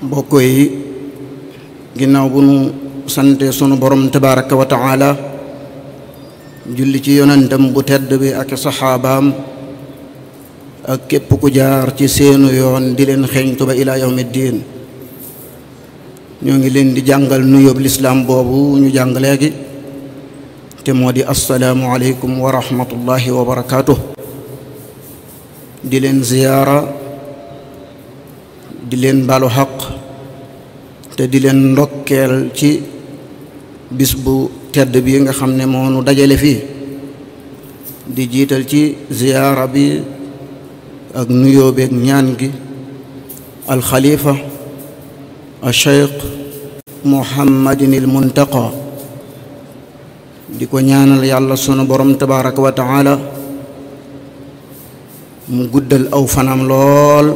mbokk yi ginnaaw bu nu sante sunu borom tabaraka wa taala julli ci yonentam bu tedd bi ak saxaabaam ak képp ku jaar ci seenu yoon di leen xeeñtu ba ilaa yawmi diin ñoo ngi leen di jàngal nuyoob lislaam boobu ñu jàng leegi te moo di assalaamu aleykum wa rahmatullahi wa barakaatuh di leen ziyaara di leen baalu xaq te di leen ndokkeel ci bis bu tedd bi nga xam ne moo dajale fii di jiital ci ziyaara bi ak nuyoo beeg ñaan gi alxalifa al cheikh muhammadin il muntaqa di ko ñaanal yàlla sunu borom tabaraka wa mu guddal aw fanam lool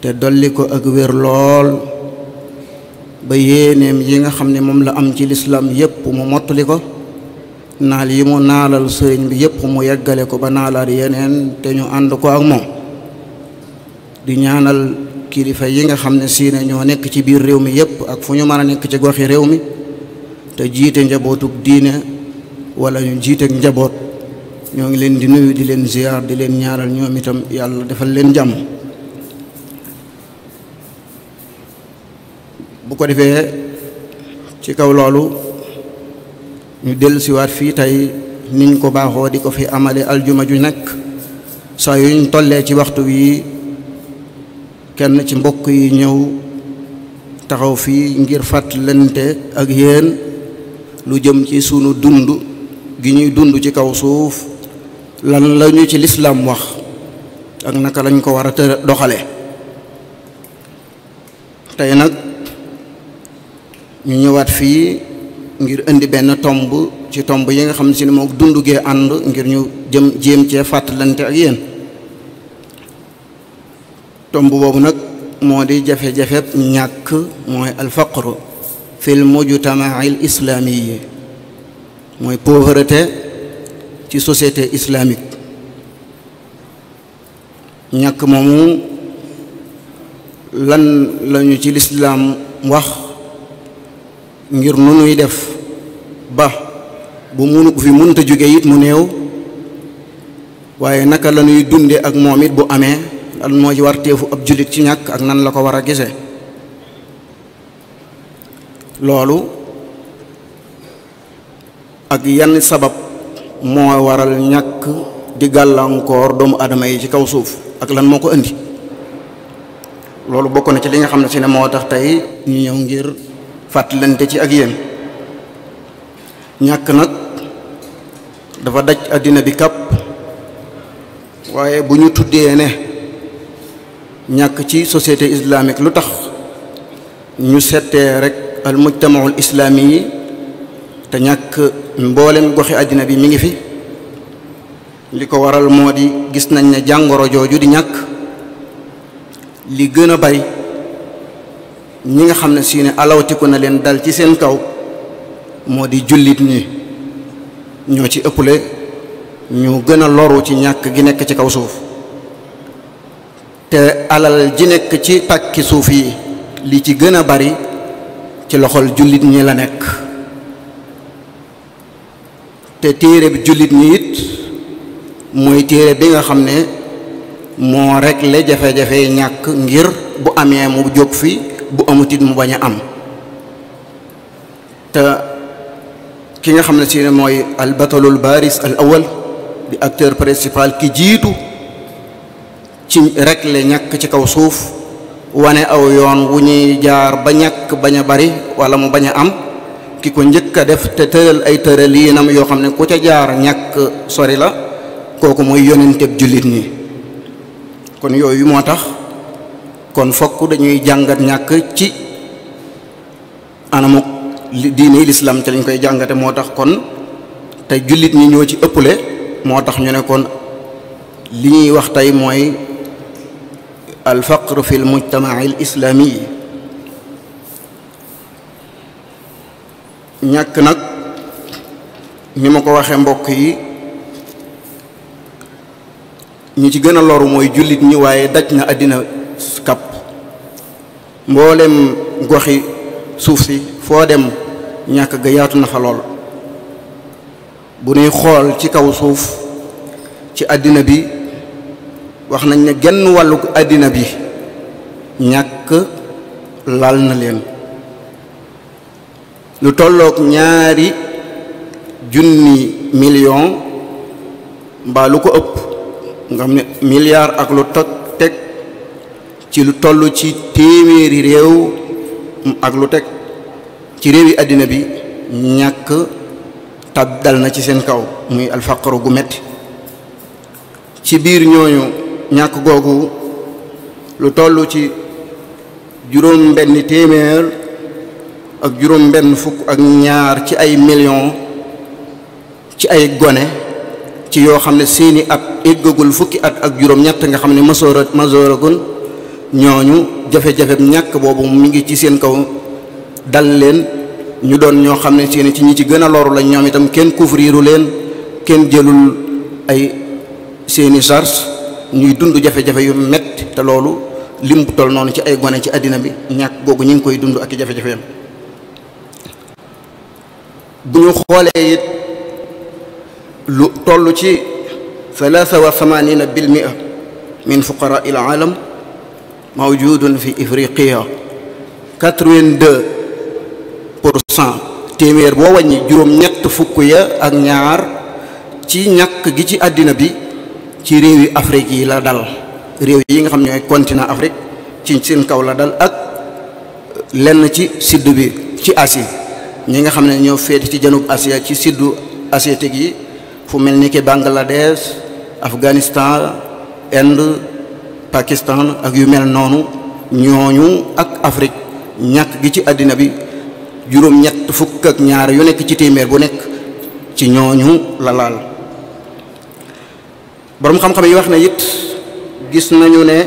te dolli ko ak wér lool ba yéeneem yi nga xam ne moom la am ci lislaam yépp mu mottali ko naal yi mu naalal sëriñ bi yépp mu yeggale ko ba naalaat yeneen te ñu ànd ko ak moom di ñaanal kilifa yi nga xam ne sii ne ñoo nekk ci biir réew mi yépp ak fu ñu mën a nekk ci goxi réew mi te jiite njabootug diine wala ñu jiiteeg njaboot ñoo ngi leen di nuyu di leen ziyaar di leen ñaanal ñoom itam yàlla defal leen jàmm bu ko defee ci kaw loolu ñu dellusiwaat fii tey niñ ko baaxoo di ko fi amale aljuma ju nekk saa yuñ tollee ci waxtu wi kenn ci mbokk yi ñëw taxaw fii ngir fàttalante ak yéen lu jëm ci sunu dund gi ñuy dund ci kaw suuf lan lañu ci lislaam wax ak naka lañ ko war a doxale tey nag ñu ñëwaat fii ngir indi benn tomb ci tomb yi nga xam ne si moo dund gee ànd ngir ñu jëm jéem cee fàttalante ak yéen tomb boobu nag moo di jafe-jafe ñàkk mooy alfaqru fil mujtamail islamiyi mooy pauvreté ci société islamique ñàkk moomu lan lañu ci lislaam wax ngir nu nuy def ba bu munu bu fi mënta jóge it mu néew waaye naka la ñuy dunde ak moom it bu amee lan moo ci war teefu ab jullit ci ñàkk ak nan la ko war a gise loolu ak yenn sabab moo waral ñàkk di gàllankoor doomu aadama yi ci kaw suuf ak lan moo ko indi loolu bokk na ci li nga xam ne si ne moo tax tey ñu ñëw ngir fàttalante ci ak yéen ñàkk nag dafa daj àddina bi kàpp waaye bu ñu tuddee ne ñàkk ci société islamique lu tax ñu settee rekk al mujtamaul islaami yi te ñàkk mboolem goxi àddina bi mi ngi fi li ko waral moo di gis nañ ne jàngoro jooju di ñàkk li gën a bari ñi nga xam ne si ne alawtiku na leen dal ci seen kaw moo di jullit ñi ñoo ci ëpple ñu gën a loru ci ñàkk gi nekk ci kaw suuf te alal ji nekk ci pàkki suuf yi li ci gën a bari ci loxol jullit ñi la nekk te téere bi jullit ñi it mooy téere bi nga xam ne moo rekk la jafe-jafe ñàkk ngir bu amee mu jóg fii bu amutit mu bañ a am te ki nga xam ne si mooy al batalul baris al awal di acteur principal ki jiitu ci rek ñakk ci kaw suuf wane aw yoon wu ñuy jaar ba ñàkk bañ a bari wala mu bañ a am ki ko njëkk a def te tëral ay tëraliinam yoo xam ne ku ca jaar ñàkk sori la kooku mooy yonenteb jullit ñi kon yooyu moo tax kon fokk dañuy jàngat ñàkk ci anamuk diine lislaam ci lañ koy jàngate moo tax kon te jullit ñi ñoo ci ëpple moo tax ñu ne kon li ñuy wax tey mooy al faqr fi islaami ñàkk nag ni ma ko waxee mbokk yi ñu ci gën a loru mooy jullit ñi waaye daj na àddina Cap mboolem goxi suuf si foo dem ñàkk ga yaatu na fa lool bu nuy xool ci kaw suuf ci àddina bi wax nañ ne genn wàllu àddina bi ñàkk lal na leen lu tolloog ñaari junni million mbaa lu ko ëpp nga xam ak lu teg ci lu toll ci téeméeri réew ak lu teg ci réew yi àddina bi ñàkk tab dal na ci seen kaw muy alfaqaru gu metti ci biir ñooñu ñàkk googu lu tollu ci juróom benn téeméer ak juróom benn fukk ak ñaar ci ay millions ci ay gone ci yoo xam ne seeni at éggagul fukki at ak juróom ñett nga xam ne masoora masooragul ñooñu jafe-jafe ñàkk boobu mi ngi ci seen kaw dal leen ñu doon ñoo xam ne seen ci ñi ci gën a loru lañ ñoom itam kenn couvriru leen kenn jëlul ay seeni charge ñuy dund jafe-jafe yu metti te loolu lim bu toll noonu ci ay gone ci àddina bi ñàkk googu ñu ngi koy dund ak i jafe-jafe bu ñu xoolee it lu toll ci thalatha wa thamanina bil mia min fuqara il alam mawjudun fi ifriqiya 82 pour cent téeméer boo wàññi juróom-ñett fukk ya ak ñaar ci ñàkk gi ci àddina bi ci réew yi Afrique yi la dal réew yi nga xam ñooy continent Afrique ci seen kaw la dal ak lenn ci sud bi ci Asie ñi nga xam ne ñoo féete ci janub Asia ci suddu asiatique yi fu mel ni ki Bangladesh Afghanistan Inde Pakistan ak yu mel noonu ñooñu ak Afrique ñàkk gi ci àddina bi juróom-ñett fukk ak ñaar yu nekk ci téeméer bu nekk ci ñooñu la laal boroom xam-xam yi wax na it gis nañu ne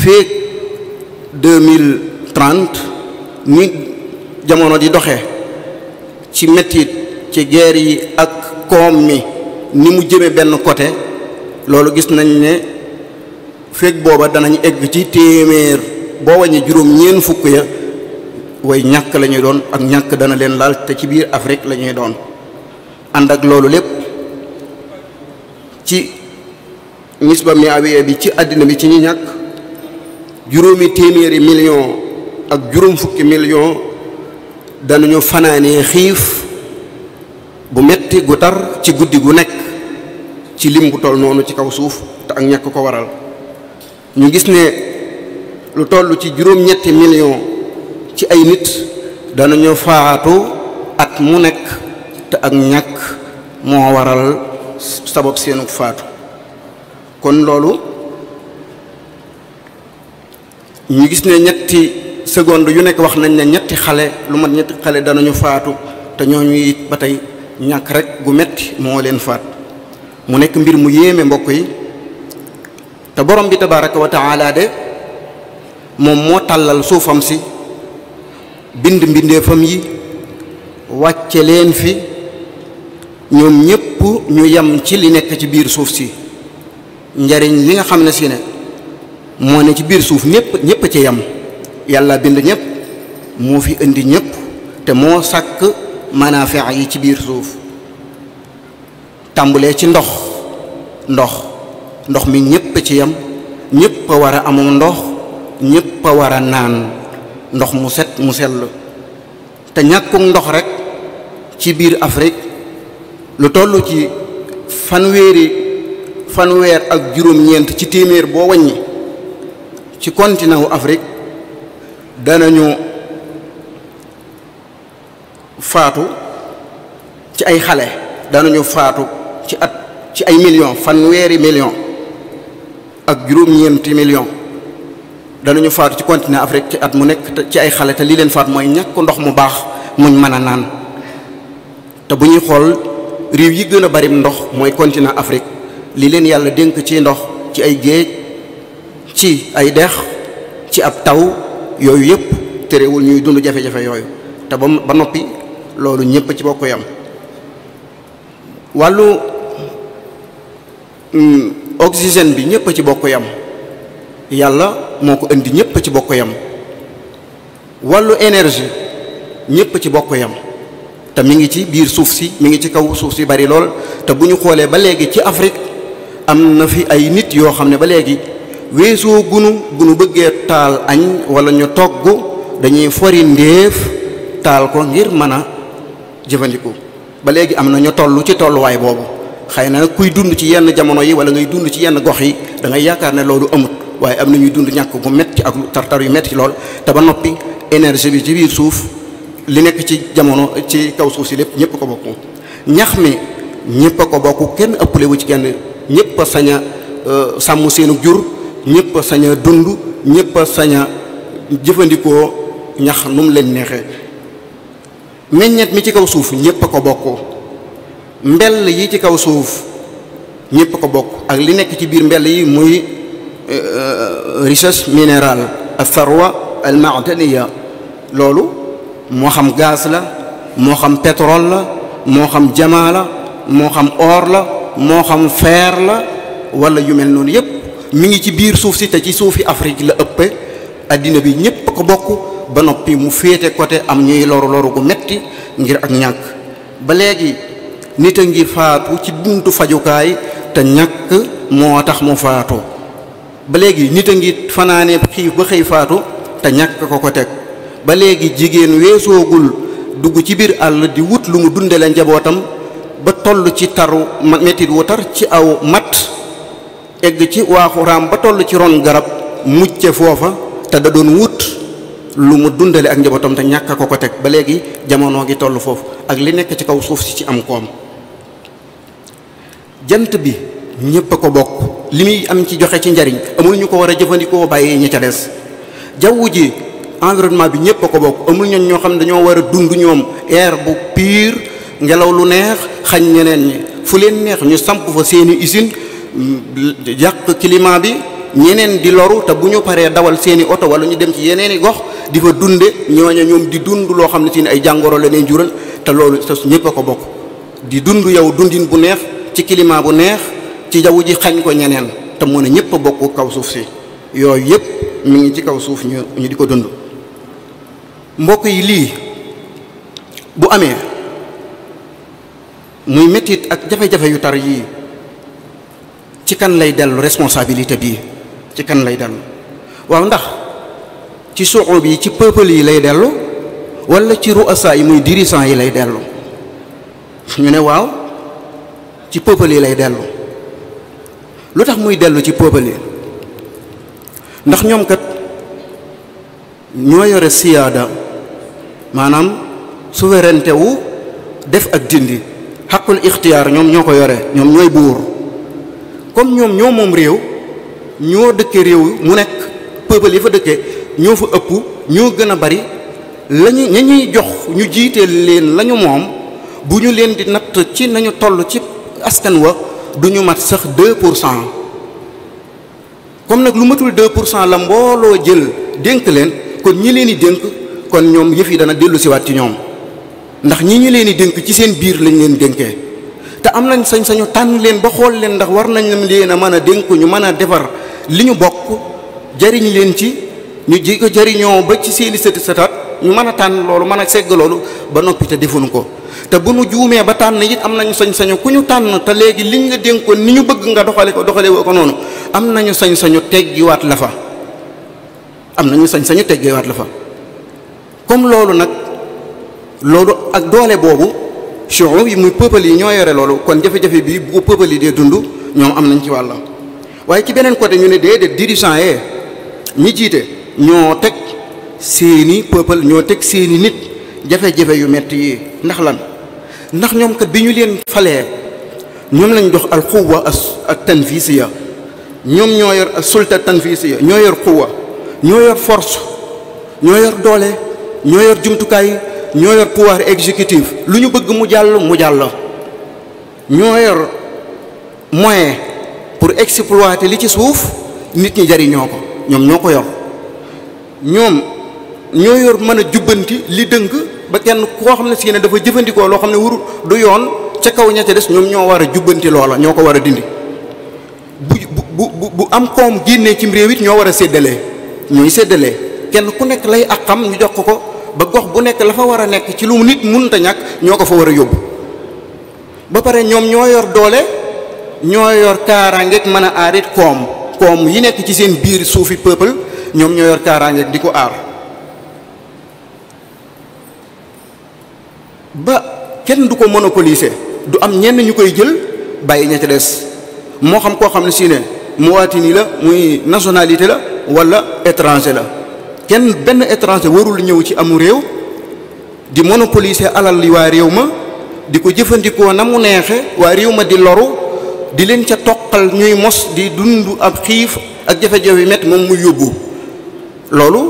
fii deux jamono di doxe ci mettit ci guerre yi ak koom mi ni mu jëme benn côté loolu gis nañ ne feeg booba danañ egg ci téeméer boo wàññi juróom ñeen fukk ya way ñàkk lañuy doon ak ñàkk dana leen laal te ci biir Afrique lañuy doon ànd ak loolu lépp ci nisba mi awiya bi ci àddina bi ci ñu ñàkk juróomi téeméeri million ak juróom fukki million danañu fanaanee xiif bu metti gu tar ci guddi gu nekk ci lim bu toll noonu ci kaw suuf te ak ñàkk ko waral ñu gis ne lu toll ci juróom-ñetti million ci ay nit dana danañu faatu at mu nekk te ak ñàkk moo waral sabab seenu faatu kon loolu ñu gis ne ñetti segond yu nekk wax nañ ne ñetti xale lu mat ñetti xale danañu faatu te ñooñu it ba tey ñàkk rek gu metti moo leen faat mu nekk mbir mu yéeme mbokk yi te borom bi tabaraka wa taala de moom moo tàllal suufam si bind mbindeefam yi wàcce leen fi ñoom ñépp ñu yem ci li nekk ci biir suuf si njariñ li nga xam ne si ne moo ne ci biir suuf ñépp ñépp a ci yam yàlla bind ñépp moo fi indi ñépp te moo sàkk manafia yi ci biir suuf tàmbulee ci ndox ndox ndox mi ñépp ci yam ñëpp a amum ndox ñëpp wara naan ndox mu set mu sell te ñàkkug ndox rek ci biir Afrique lu toll ci fanweeri fanweer ak juróom-ñeent ci téeméer boo wàññi ci continent wu Afrique danañu faatu ci ay xale danañu faatu ci at ci ay million fanweeri million ak juróom-ñeenti million danañu faatu ci continent Afrique ci at mu nekk ci ay xale te lii leen faat mooy ñàkk ndox mu baax muñ mën a naan te bu ñuy xool réew yi gën a bari ndox mooy continent Afrique li leen yàlla dénk ci ndox ci ay géej ci ay dex ci ab taw yooyu yëpp terewul ñuy dund jafe-jafe yooyu te ba ba noppi loolu ñëpp ci bokk yam wàllu hmm, oxygène bi ñëpp a ci bokk yam yàlla moo ko indi ñëpp ci bokk yam wàllu énergie ñëpp ci bokk yam te mi ngi ci biir suuf si mi ngi ci kaw suuf si bari lool te bu ñu xoolee ba léegi ci Afrique am na fi ay nit yoo xam ne ba léegi weesoo gunu bu nu bëggee taal añ walla ñu togg dañuy fori ndéef taal ko ngir mën a jëfandiku ba léegi am na ñu toll ci tolluwaay boobu xëy na kuy dund ci yenn jamono yi wala ngay dund ci yenn gox yi dangay yaakaar ne loolu amut waaye am na ñuy dund ñàkk gu métti ak tartar yu métti lool te ba noppi énergie bi ci biir suuf li nekk ci jamono ci kaw suuf si lépp ñëpp ko bokk ñax mi ñëpp a ko bokk kenn ëppale wu ci kenn ñëpp a sañ a euh, sàmm seenu jur ñëpp a sañ dund ñëpp a saña jëfandikoo ñax nu mu leen neexee meññet mi ci kaw suuf ñëpp a ko bokkoo mbell yi ci kaw suuf ñépp ko bokk ak li nekk ci biir mbel yi muy euh, euh, richesse minérale al tharwa al loolu moo xam gas la moo xam petrol la moo xam jamaa la moo xam or la moo xam fer la wala yu mel noonu yépp mi ngi ci biir suuf si te ci suufi Afrique la ëppe addina bi ñépp ko bokk ba noppi mu féete côté am ñuy loru loru gu metti ngir ak ñàkk ba léegi nit a ngi faatu ci buntu fajukaay te ñakk moo tax mu faatu ba léegi nit a ngi fanaane xiif ba xëy faatu te ñàkk ko ko teg ba léegi jigéen weesoogul dugg ci biir àll di wut lu mu dundale njabootam ba toll ci taru mettit wu tar ci aw mat egg ci waaxu raam ba toll ci ron garab mucce foofa te da doon wut lu mu dundale ak njabootam te ñàkk ko ko teg ba léegi jamono gi toll foofu ak li nekk ci kaw suuf si ci am koom jant bi ñëpp a ko bokk li muy am ci joxe ci njariñ amul ñu ko war a jëfandikoo bàyyi ñu ca des jaww ji environnement bi ñëpp a ko bokk amul ñoom ñoo xam ne dañoo war a dund ñoom air bu pur ngelaw lu neex xañ ñeneen fu leen neex ñu samp seeni usine mm, yàq climat bi ñeneen di loru te bu ñu paree dawal seeni oto wala ñu dem ci yeneen i gox di fa dunde ñooña ñoom di dund loo xam ne si ne ay jàngoro la jural te loolu sa ñëpp a ko bokk di dund yow dundin bu neex ci climat bu neex ci jaww ji xañ ko ñeneen te mu ne ñëpp a bokk kaw suuf si yooyu yëpp mi ngi ci kaw suuf ñu ñu di ko dund mbokk yi lii bu amee muy métit ak jafe-jafe yu tar yii ci kan lay dellu responsabilité bii ci kan lay dellu waaw ndax ci suxub yi ci peuple yi lay dellu wala ci ruasa yi muy dirigeant yi lay dellu ñu ne waaw ci peuple yi lay dellu lu tax muy dellu ci peuple yi ndax ñoom kat ñoo yore siyaada maanaam souveraineté def ak dindi xaqul ixtiyaar ñoom ñoo ko yore ñoom ñooy buur comme ñoom ñoo moom réew ñoo dëkke réew mu nekk peuple yi fa dëkke ñoo fa ëpp ñoo gën a bari lañu ña ñuy jox ñu jiite leen lañu moom bu ñu leen di natt ci nañu toll ci askan wa du ñu mat sax 2 pour cent comme nag lu matul 2 pour cent la mbooloo jël dénk leen kon ñi leen di dénk kon ñoom yëf yi dana dellu siwaat ci ñoom ndax ñi ñi leen di dénk ci seen biir lañ leen dénkee te am nañ sañ-sañu tànn leen ba xool leen ndax war nañ leen a mën a dénk ñu mën a defar li ñu bokk jariñ leen ci ñu ji ko jariñoo ba ci seeni sëti sëtaat ñu mën a tànn loolu mën a segg loolu ba noppi te defuñu ko te bu nu juumee ba tànn it am nañu sañ-sañu ku ñu tànn te léegi liñ la dénkoon ni ñu bëgg nga doxale ko doxale ko noonu am nañu sañ-sañu teggiwaat la fa am nañu sañ-sañu teggiwaat la fa comme loolu nag loolu ak doole boobu choro yi muy peuple yi ñoo yore loolu kon jafe-jafe bi bu peuple yi dee dund ñoom am nañ ci wàllam waaye ci beneen côté ñu ne déedéet dirigeant yee ñu jiite ñoo teg seeni peuple ñoo teg seeni nit jafe-jafe yu metti yi ndax lan ndax ñoom kat bi ñu leen falee ñoom lañ jox al quwwa ak tanfisiya ñoom ñoo yor ak sulta tanfisiya ñoo yor quwwa ñoo yor force ñoo yor doole ñoo yor jumtukaay ñoo yor pouvoir exécutif lu ñu bëgg mu jàll mu jàll ñoo yor moyen pour exploiter li ci suuf nit ñi jariñoo ko ñoom ñoo ko yor ñoom ñoo yor mën a jubbanti li dëng ba kenn koo xam ne si dafa jëfandikoo loo xam ne warul du yoon ca kaw ña ca des ñoom ñoo war a jubbanti loola ñoo ko war a dindi bu bu bu am koom génnee cim réew it ñoo war a séddalee ñooy séddalee kenn ku nekk lay ak xam ñu jox ko ko ba gox bu nekk lafa war a nekk ci lu nit mënta ñag ñoo ko fa war a yóbbu ba pare ñoom ñoo yor doole ñoo yor kaaraangeeg mën a aar it koom koom yi nekk ci seen biir suufi peuple ñoom ñoo yor kaaraangeeg di ko aar. ba kenn du ko monopoliser du am ñenn ñu koy jël bàyyi ña ca des moo xam koo xam ne si ne muwaatini la muy nationalité la wala étranger la kenn benn étranger warul ñëw ci amu réew di monopoliser alal li waa réew ma di ko jëfandikoo na mu neexe waa réew ma di loru di leen ca toqal ñuy mos di dundu am xiif ak jafe-jafe yi métti moom muy yóbbu loolu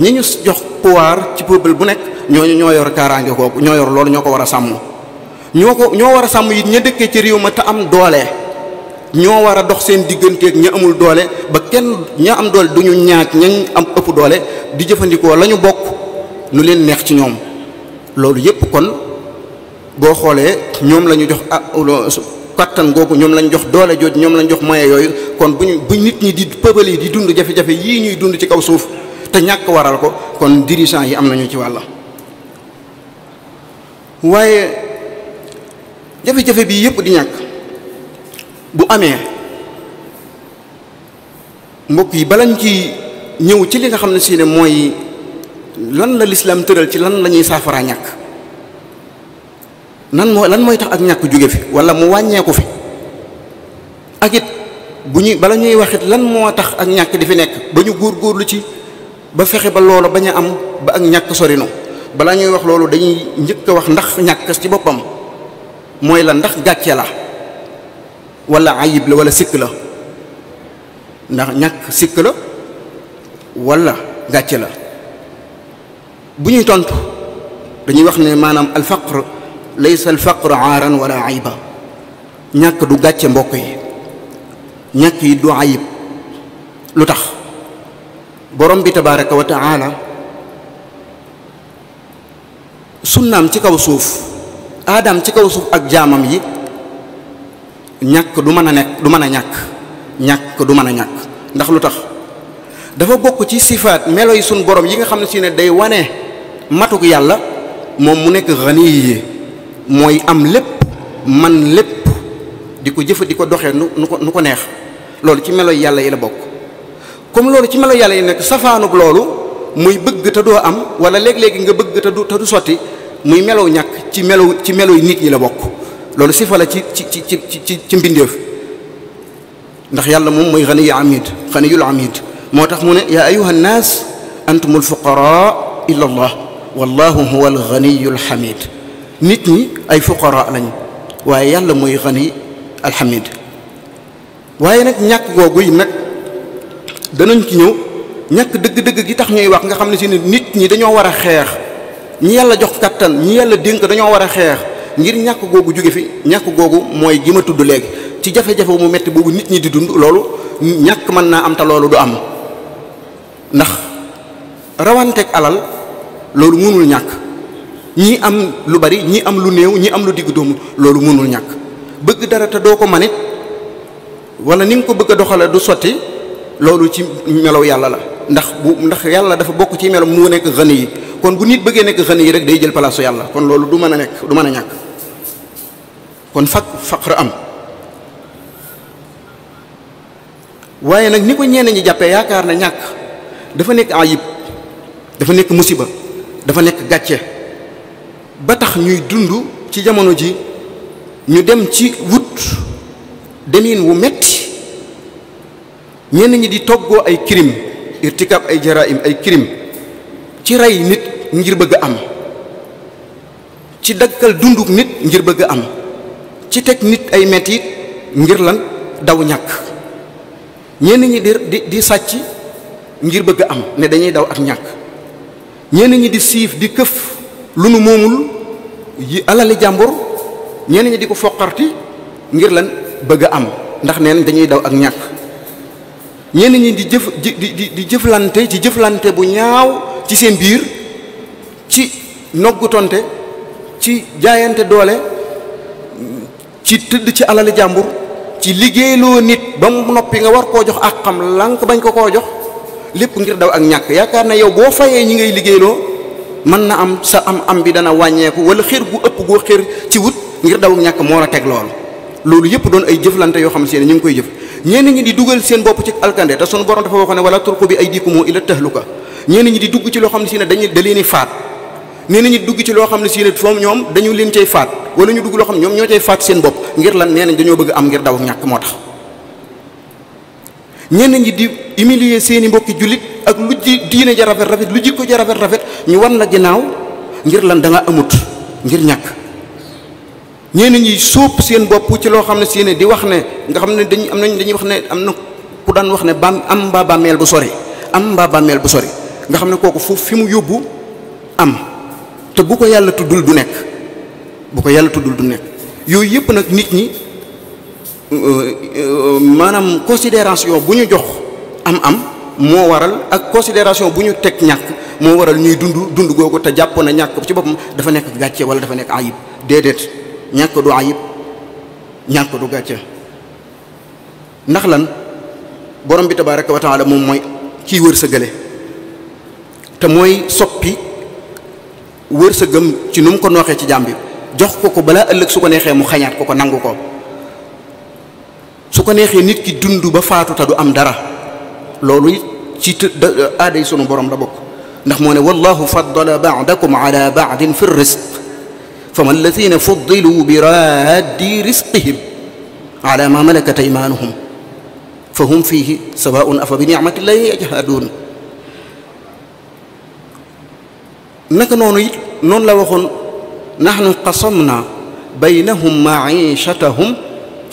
ñi ñu jox pouvoir ci peuple bu nekk ñooñu ñoo yor kaaraange kooku ñoo yor loolu ñoo ko war a sàmm ñoo ko ñoo war a sàmm it ña dëkkee ci réew ma te am doole ñoo war a dox seen digganteek ña amul doole ba kenn ña am doole du ñu ñaaj ña am ëpp doole di jëfandikoo la ñu bokk nu leen neex ci ñoom loolu yépp kon boo xoolee ñoom la ñu jox ah, kattan googu ñoom lañ jox doole jooju ñoom lañ jox moyen yooyu kon bu ñu bu nit ñi di peuple yi di dund jafe-jafe yii ñuy dund ci kaw suuf te ñàkk waral ko kon dirigeant yi am nañu ci wàlla waaye jafe-jafe bi yëpp di ñàkk bu amee mbokk yi balañ ci ñëw ci li nga xam ne si mooy lan la lislaam tëral ci lan la ñuy saafaraa ñàkk nan mooy lan mooy tax ak ñàkk jóge fi wala mu wàññeeku fi ak it bu ñuy bala ñuy waxit lan moo tax ak ñàkk di fi nekk ba ñu góor góorlu ci ba fexe ba loola bañ a am ba ak ñàkk sorinu balaa ñuy wax loolu dañuy njëkk a wax ndax ñàkk ci boppam mooy la ndax gàcce la walla ayib la wala sikk la ndax ñàkk sikk la wala gàcce la bu ñuy tontu dañuy wax ne maanaam alfaqr laysa alfaqr aaran wala ayiba ñàkk du gàcce mbokk yi ñàkk yi du ayib lu tax borom bi tabaraka wa taala sunnaam ci kaw suuf aadaam ci kaw suuf ak jaamam yi ñàkk du mën a nekk du mën a ñàkk ñàkk du mën a ñàkk ndax lu tax dafa bokk ci sifaat melo yi suñ borom yi nga xam ne si ne day wane matuk yàlla moom mu nekk xani yi mooy am lépp man lépp di ko jëfa di ko doxee nu nu ko nu ko neex loolu ci melo yàlla yi la bokk comme loolu ci melo yàlla yi nekk safaanug loolu muy bëgg te doo am wala léeg-léegi nga bëgg te du te du sotti muy melow ñàkk ci melow ci melow nit ñi la bokk loolu sifa la ci ci ci ci ci ci mbindeef ndax yàlla moom mooy xani yu amid xani yul amid moo tax mu ne yaa ayuha nnaas antum alfuqara ila allah wallahu huwa alxaniyu nit ñi ay fuqara lañ waaye yàlla mooy xani alxamid waaye nag ñàkk googu yi nag danañ ci ñëw ñàkk dëgg-dëgg gi tax ñuy wax nga xam ne si nit ñi dañoo war a xeex ñi yàlla jox kattan ñi yàlla dénk dañoo war a xeex ngir ñàkk googu jóge fi ñàkk googu mooy gi tudd léegi ci jafe-jafe mu metti boobu nit ñi di dund loolu ñàkk mën naa am te loolu du am ndax rawanteeg alal loolu mënul ñàkk ñii am lu bari ñii am lu néew ñii am lu digg doomu loolu mënul ñàkk bëgg dara te doo ko manit wala ni nga ko bëgg a doxale du sotti loolu ci melow yàlla la ndax bu ndax yàlla dafa bokk ci melow mu nekk xëni yi kon bu nit bëggee nekk xëni yi rek day jël palaasu yàlla kon loolu du mën a nekk du mën a ñàkk kon faq faqr am waaye nag ni ko ñenn ñi jàppee yaakaar na ñàkk dafa nekk ayib dafa nekk musiba dafa nekk gàcce ba tax ñuy dund ci jamono ji ñu dem ci wut demin wu mett ñenn ñi di toggoo ay crime irtikab ay jaraim ay crime ci rey nit ngir bëgg am ci dakkal dunduk nit ngir bëgg am ci teg nit ay metit ngir lan daw ñàkk ñenn ñi di sàcc ngir bëgg am dañuy daw ak ñàkk ñenn ñi di siif di këf lu nu moomul yi alale jàmbur ñenn ñi di ko foqarti ngir lan bëgg am ndax neen dañuy daw ak ñàkk ñenn ñi di jëf di di di jëflante ci jëflante bu ñaaw ci seen biir ci noggutonte ci jaayante doole ci tëdd ci alali jàmbur ci liggéeyloo nit ba mu noppi nga war koo jox ak xam lànk bañ ko koo jox lépp ngir daw ak ñàkk yaakaar na yow boo fayee ñi ngay liggéeyloo mën na am sa am am bi dana wàññeeku wala xër gu ëpp goo xër ci wut ngir daw ak ñàkk moo la teg lool loolu yëpp doon ay jëflante yoo xam si ne ñu ngi koy jëf ñenn ñi di dugal seen bopp ci alkande te sunu borom dafa waxoon ne wala turqu bi aydikum ila tahluka ñenn ñi di dugg ci loo xam ne si ne da leen i faat ñenn dugg ci loo xam ne si ne ñoom dañu leen cay faat wala ñu dugg loo xam ne ñoom ñoo cay faat seen bopp ngir lan nee nañ dañoo bëgg am ngir daw ñàkk moo tax ñenn ñi di humilier seen i mbokki jullit ak lu ji diine ja rafet rafet lu ko ja rafet rafet ñu wan na ginnaaw ngir lan danga amut ngir ñàkk ñeen ñi suub seen bopp ci loo xam ne si ne di wax ne nga xam ne dañu am nañ dañuy wax ne am na ku daan wax ne bam am mbaa bàmmeel bu sori am mbaa bàmmeel bu sori nga xam ne kooku foofu fi mu yóbbu am te bu ko yàlla tuddul du nekk bu ko yàlla tuddul du nekk yooyu yëpp nag nit ñi euh, euh, maanaam considération bu ñu jox am-am moo waral ak consideration bu ñu teg ñàkk moo waral ñuy dund dund googu te jàpp na ñàkk ci boppam dafa nekk gàcce wala dafa nekk ayib déedéet. ñàkk du ayib ñàkk du gàcce ndax lan borom bi tabaaraka wa taala moom mooy kiy wërsëgale te mooy soppi wërsëgam ci nu mu ko nooxee ci jaam bi jox ko ko balaa ëllëg su ko neexee mu xañaat ko ko nangu ko su ko neexee nit ki dund ba faatu te du am dara loolu yi ci aaday sunu borom da bokk ndax moo ne wallahu faddala ba'dakum ala ba'din fi rizq فما الذين فضلوا براد رزقهم على ما ملكت ايمانهم فهم فيه سواء أفبنعمة الله يجحدون naka noonu it noonu la waxoon nahnu qasamna baynahum maichatahum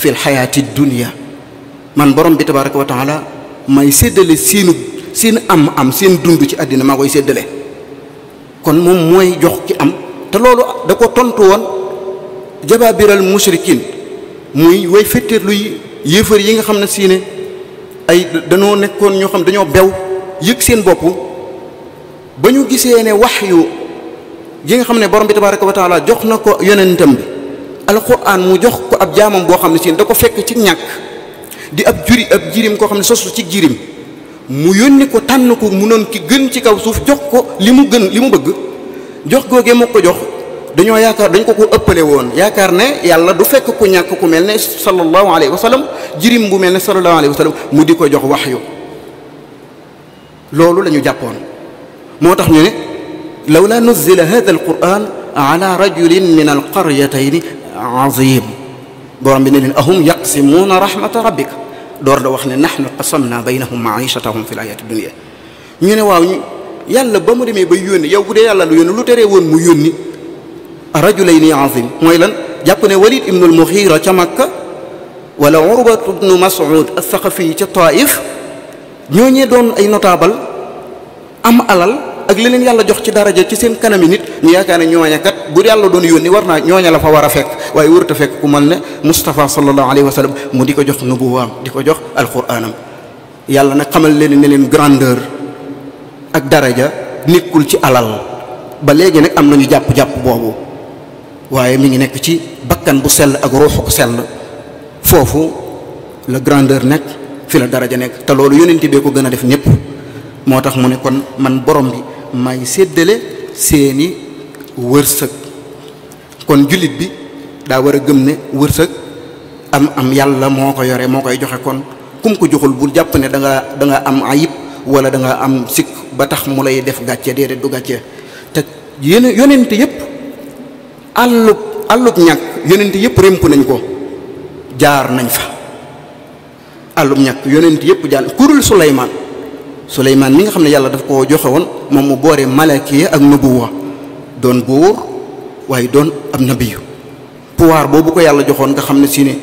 fi lxayaati dunia man borom bi tabaraka wa taala may séddale seenu seen am am seen dund ci àddina maa koy séddale kon moom mooy jox ki am te loolu da ko tontu woon jabaabiral mushrikiin muy way féttéerlu yéefar yi nga xam ne siine ay dañoo nekkoon ñoo xam dañoo bew yëg seen bopp ba ñu gisee ne wax yu yi nga xam ne borom bi tabaaraka wa jox na ko yonentam bi alxuraan mu jox ko ab jaamam boo xam ne si ne da ko fekk ci ñàkk di ab juri ab jirim koo xam ne sosu ci jirim mu yónni ko tànn ko mu noon ki gën ci kaw suuf jox ko li mu gën li mu bëgg jox googee mu ko jox dañoo yaakaar dañ ko ko ëppale woon yaakaar ne yàlla du fekk ku ñàkk ku mel ne sallallahu alayhi wa sallam jirim bu mel ne sallallahu alayhi wa sallam mu di ko jox waxyu loolu la jàppoon moo tax ñu ne lawla nuzila hada al quran ala rajulin min al qaryatayn azim borom bi ne leen ahum yaqsimuuna rahmata rabbika door da wax ne nahnu qasamna baynahum maishatahum fi l ayati dunia ñu yàlla ba mu demee bay yónni yow bu dee yàlla lu yónni lu teree woon mu yónni rajulayni azim mooy lan jàpp ne walid ibnul muxiira ca makka wala urwat ibnu mas'ud as-saqafi ca taif ñooñee doon ay notable am alal ak leneen yàlla jox ci daraja ci seen kanami nit ñu yaakaar ne ñooña kat bu yàlla doon yónni war naa ñooña la fa war a fekk waaye warut a fekk ku mel ne Moustapha sallallahu alayhi wa sallam mu di ko jox nubuwaam di ko jox alquraanam yàlla nag xamal leen leen grandeur. ak daraja nekkul ci alal ba léegi nag am nañu jàpp-jàpp boobu waaye mi ngi nekk ci bakkan bu sell ak ruux bu sell foofu la grandeur nekk fi la daraja nekk te loolu yonent bee ko gën a def ñëpp moo tax mu ne kon man borom bi may séddale seeni wërsëg kon jullit bi daa war a gëm ne wërsëg am am yàlla moo ko yore moo koy joxe kon kum ko joxul bul jàpp ne da nga am ayib wala da am sikk ba tax mu lay def gàcce déedéet du gàcce te yéen yonent yëpp àllub àllub ñàkk yonent yëpp rémp nañ ko jaar nañ fa àllub ñàkk yonent yëpp jaar kurul Suleymaan Suleymaan mi nga xam ne yàlla daf ko joxe woon moom mu boore malakiya ak nubuwa doon buur waaye doon ab nabiyu pouvoir boobu ko yàlla joxoon nga xam ne si ne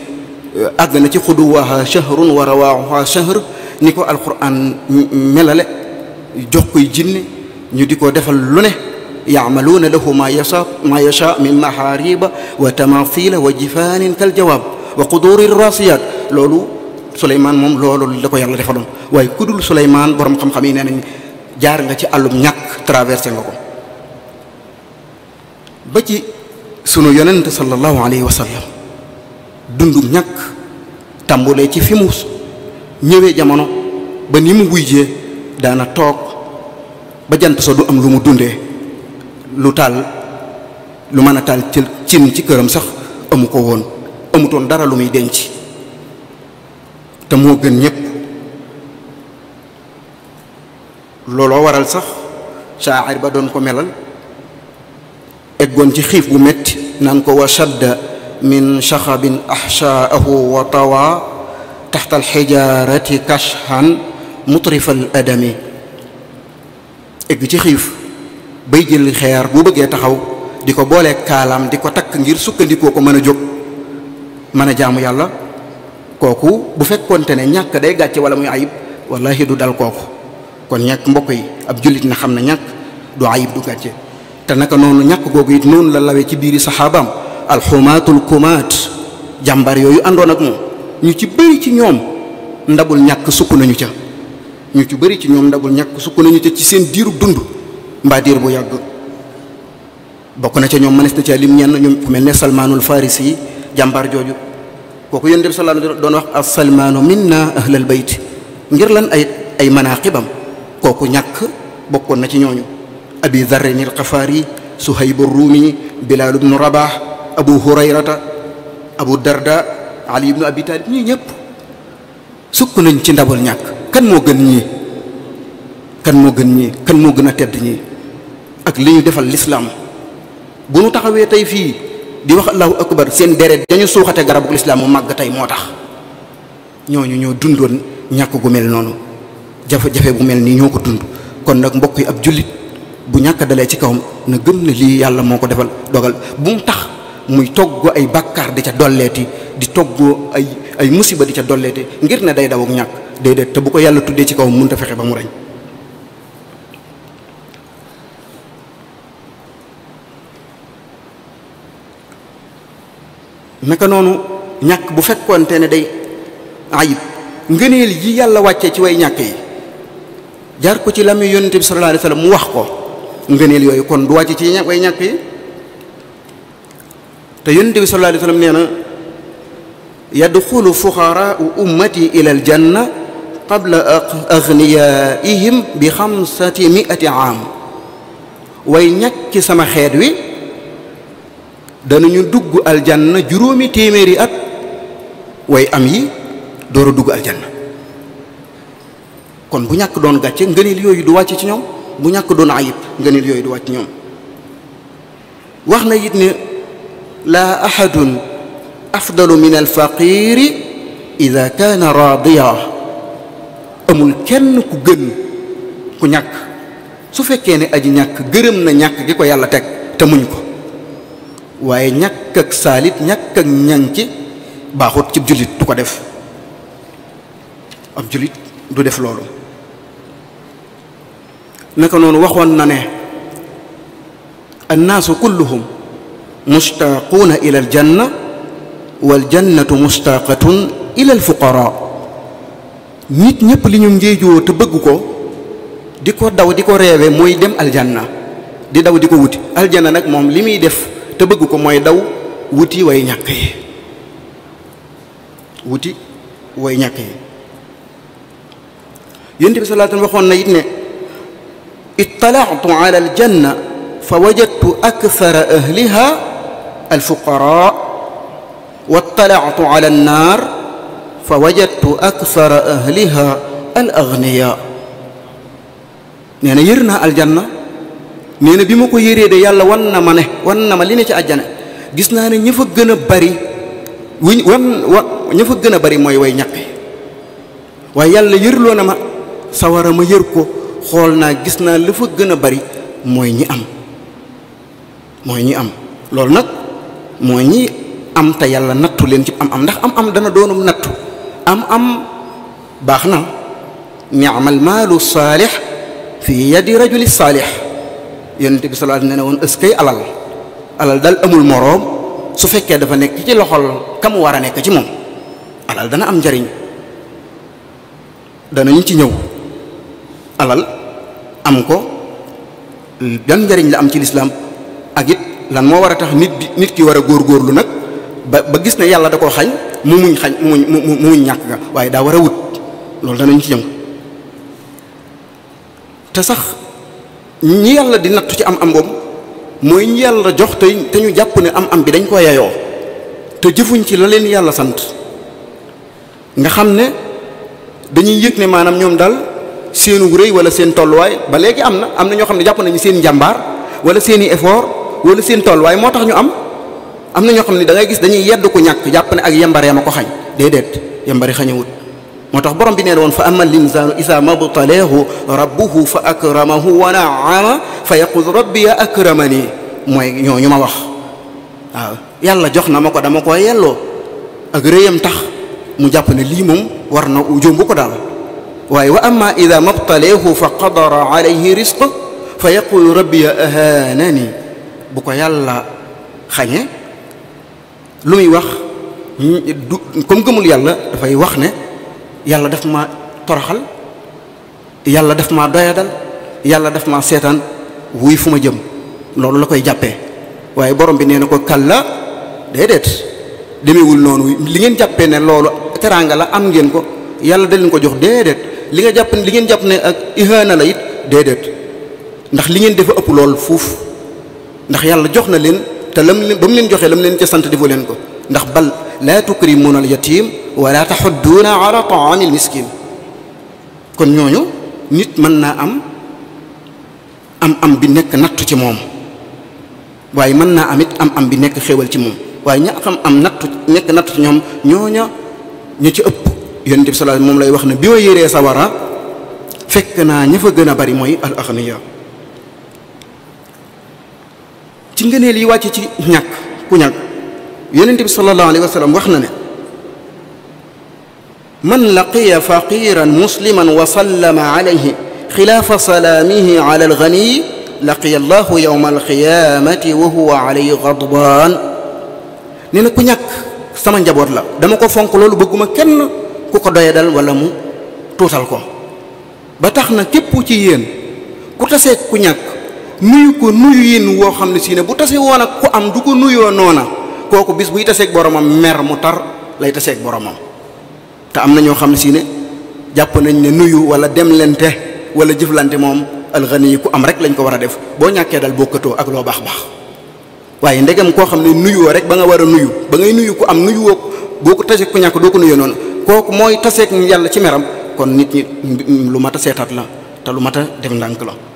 euh, àgg na ci xuduwaaha shahrun wa rawaaha shahr ni ko alquran melale jox koy jinne ñu di ko defal lu ne yaamaluuna lahu maa yasa maa yasha min maxaariba wa tamathila wa jifaanin kal jawaab wa quduuri raasiyaat loolu suleymaan moom loolu la ko yàlla defaloon waaye ku dul suleymaan boroom xam-xam yi nee nañ jaar nga ci àllum ñàkk traversé nga ko ba ci sunu yonent sallallahu alayhi wa sallam dundum ñàkk tàmbulee ci fi mu ñëwee jamono ba ni mu wujjee daana toog ba jant so du am lu mu dundee lu taal lu mën a taal cim ci këram sax amu ko woon amutoon dara lu muy denc te moo gën ñépp looloo waral sax shaair ba doon ko melal eggoon ci xiif bu metti naan ko wa shadda min shaxabin ahshaahu wa tawa taxta alxijaarati kashhan mutrifal adami egg ci xiif bay jël xeer bu bëggee taxaw di ko boolee kaalaam di ko takk ngir sukkandikoo ko mën a jóg mën a jaamu yàlla kooku bu fekkoonte ne ñàkk day gàcce wala muy ayib wallahi du dal kooku kon ñàkk mbokk yi ab jullit na xam na ñàkk du ayib du gàcce te naka noonu ñàkk googu it noonu la lawe ci biir biiri saxaabaam alxumaatul kumaat jàmbar yooyu àndoon ak moom ñu ci bëri ci ñoom ndabul ñàkk sukk nañu ca ñu ci bëri ci ñoom ndabul ñàkk sukk nañu ca ci seen diirub dund mbaa diir bu yàgg bokk na ca ñoom mënees na ca lim ñenn ñoom ku mel ne salmaanul farisi yi jàmbaar jooju kooku yonent bi sallallahu doon wax as salmaanu minna ahlal bayt ngir lan ay ay kooku ñàkk bokkoon na ci ñooñu abi dharrin al ghafari suhayb ar-rumi bilal ibn rabah abu hurayrata abu darda ali ibn abi talib ñii ñëpp sukk nañ ci ndabul ñàkk kan moo gën ñii kan moo gën ñii kan moo gën a tedd ñii ak li ñu defal lislaam bu nu taxawee tey fii di wax allahu akbar seen deret dañu suuxate garabu lislaam mu màgg tey moo tax ñooñu ñoo dundoon ñàkk gu mel noonu jafe-jafe bu mel nii ñoo ko dund kon nag mbokk yi ab jullit bu ñàkk dalee ci kawam na gëm ne lii yàlla moo ko defal dogal bu mu tax muy togg ay bàkkaar di ca dolleeti di togg ay ay musiba di ca dolleeti ngir ne day daw ak ñàkk déedéet te bu ko yàlla tuddee ci kaw mënut a fexe ba mu reñ naka noonu ñàkk bu fekkoonte ne day ayib ngëneel yi yàlla wàccee ci way ñàkk yi jaar ko ci lami yonent bi sallallahu alayhi wasallam mu wax ko ngëneel yooyu kon du wàcc ci way ñàkk yi te yonent bi sallallahu alayhi wasallam nee na yadxulu fuqaraa ummati ila aljanna qabla aghniyaihim bi xamsati miati aam way ñàkk ci sama xeet wi danañu dugg aljanna juróomi téeméeri at way am yi door a dugg aljanna kon bu ñàkk doon gàcce ngëneel yooyu du wàcc ci ñoom bu ñàkk doon ayib ngëneel yooyu du wàcc ñoom wax na it ni laa ahadun afdalu min alfaqiri ida kaana raadiya amul kenn ku gën ku ñàkk su fekkee ne aj ñàkk gërëm na ñàkk gi ko yàlla teg te muñ ko waaye ñàkk ak saalit ñàkk ak ñànki baaxut ci jullit du ko def ab jullit du def loolu naka noonu waxoon na ne annaasu kulluhum mustaaquuna ila aljanna waljannatu mustaaqatun ila alfuqara nit ñëpp li ñu njeejoo te bëgg ko di ko daw di ko reewe mooy dem aljanna di daw di ko wuti aljana nag moom li muy def te bëgg ko mooy daw wuti way ñàkk yi wuti way ñàkk yi yonent bi sallallahu alayhi wasallam waxoon na it ne ittalaatu ala aljanna fa wajadtu akthara ahliha alfuqara wa ittalaatu ala annaar fa wajadtu akthara ahliha al aghniya nee na yër naa aljanna nee na bi ma ko yëree de yàlla wan na ma ne wan na ma li ne ci àjjana gis naa ne ña fa gën a bari wi wan wa ña fa gën a bari mooy way ñàkk waaye yàlla yërloo na ma sawara ma yër ko xool naa gis naa la fa gën a bari mooy ñi am mooy ñi am loolu nag mooy ñi am te yàlla nattu leen ci am am ndax am am dana doonum nattu am-am baax na ni'mal maalu saalix fii yadi rajuli saalix yonent bi sallallahu alayhi wa sallam ne woon ëskay alal alal daal amul moroom su fekkee dafa nekk ci loxol kamu war a nekk ci moom alal dana am njariñ dana ñu ci ñëw alal am ko ban njariñ la am ci lislaam ak it lan moo war a tax nit nit ki war a góor góorlu nag ba ba gis ne yàlla da koo xañ mu muñ xañ mu muñ mu muñ ñàkk ga waaye daa war a wut loolu danañ ci jëm te sax ñi yàlla di nattu ci am am boobu mooy ñi yàlla jox te te ñu jàpp ne am am bi dañ ko yayoo te jëfuñ ci la leen yàlla sant nga xam ne dañuy yëg ne maanaam ñoom daal seenu rëy wala seen tolluwaay ba léegi am na am na ñoo xam ne jàpp nañu seen njàmbaar wala seeni effort wala seen tolluwaay moo tax ñu am am na ñoo xam ne da ngay gis dañuy yedd ku ñàkk jàpp ne ak yembaree ma ko xañ déedéet yembari xañewut moo tax borom bi nee woon fa a linsaanu isa mabtalahu rabbuhu fa akramahu wa naama fa ma wax waaw jox na ma ko dama ko yelloo ak réyam tax mu jàpp ne lii moom war na jómbu ko daal waaye wa ama ida mabtalahu fa qadara alayhi risq fa yaqul rabbi ya bu ko yàlla xañe lu muy wax du comme gëmul yàlla dafay wax ne yàlla daf ma toroxal yàlla daf ma doyadal yàlla daf ma seetaan wuy fu ma jëm loolu la koy jàppee waaye borom bi nee na ko kàlla déedéet demewul noonu li ngeen jàppee ne loolu teraanga la am ngeen ko yàlla da leen ko jox déedéet li nga jàpp li ngeen jàpp ne ak ihaana la it déedéet ndax li ngeen defa ëpp lool fuuf ndax yàlla jox na leen te lam leen ba mu leen joxee lam leen ca sant defoo leen ko ndax bal laa tukrimuuna al yatim wala taxudduuna ala taamil miskin kon ñooñu nit mën naa am am am bi nekk nattu ci moom waaye mën naa am it am am bi nekk xewal ci moom waaye ña xam am nattu nekk nattu ci ñoom ñooña ña ci ëpp yonent di sallallahu moom lay wax ne bi ma yéree sawara fekk naa ña fa gën a bari mooy al aghniya ci ngëneel yi wàcc ci ñàkk ku ñàkk yonent bi sallallahu alayhi wax na ne man laqiya faqiran musliman wa sallama alayhi xilaafa salaamihi ala alganiyi laqiya allahu yowma alqiyamati wa huwa alayhi gadbaan nee na ku ñàkk sama njaboot la dama ko fonk loolu bëgguma kenn ku ko doya dal wala mu tuutal ko ba tax na képp ci yéen ku taseeg ku ñàkk nuyu ko nuyu yin woo xam ne si ne bu tase woon ak ku am du ko nuyoo noona kooku bis buy taseeg boromam mer mu tar lay taseeg boromam te am na ñoo xam ne si ne jàpp nañ ne nuyu wala demlante wala jëflante moom alxani yi ku am rek lañ ko war a def boo ñàkkee dal bokkatoo ak loo baax baax waaye ndegam koo xam ne nuyoo rek ba nga war a nuyu ba ngay nuyu ku am nuyu woo boo ko taseeg ku ñàkk doo ko nuyoo noonu kooku mooy taseeg yàlla ci meram kon nit ñi lu mat a seetaat la te lu mat a def la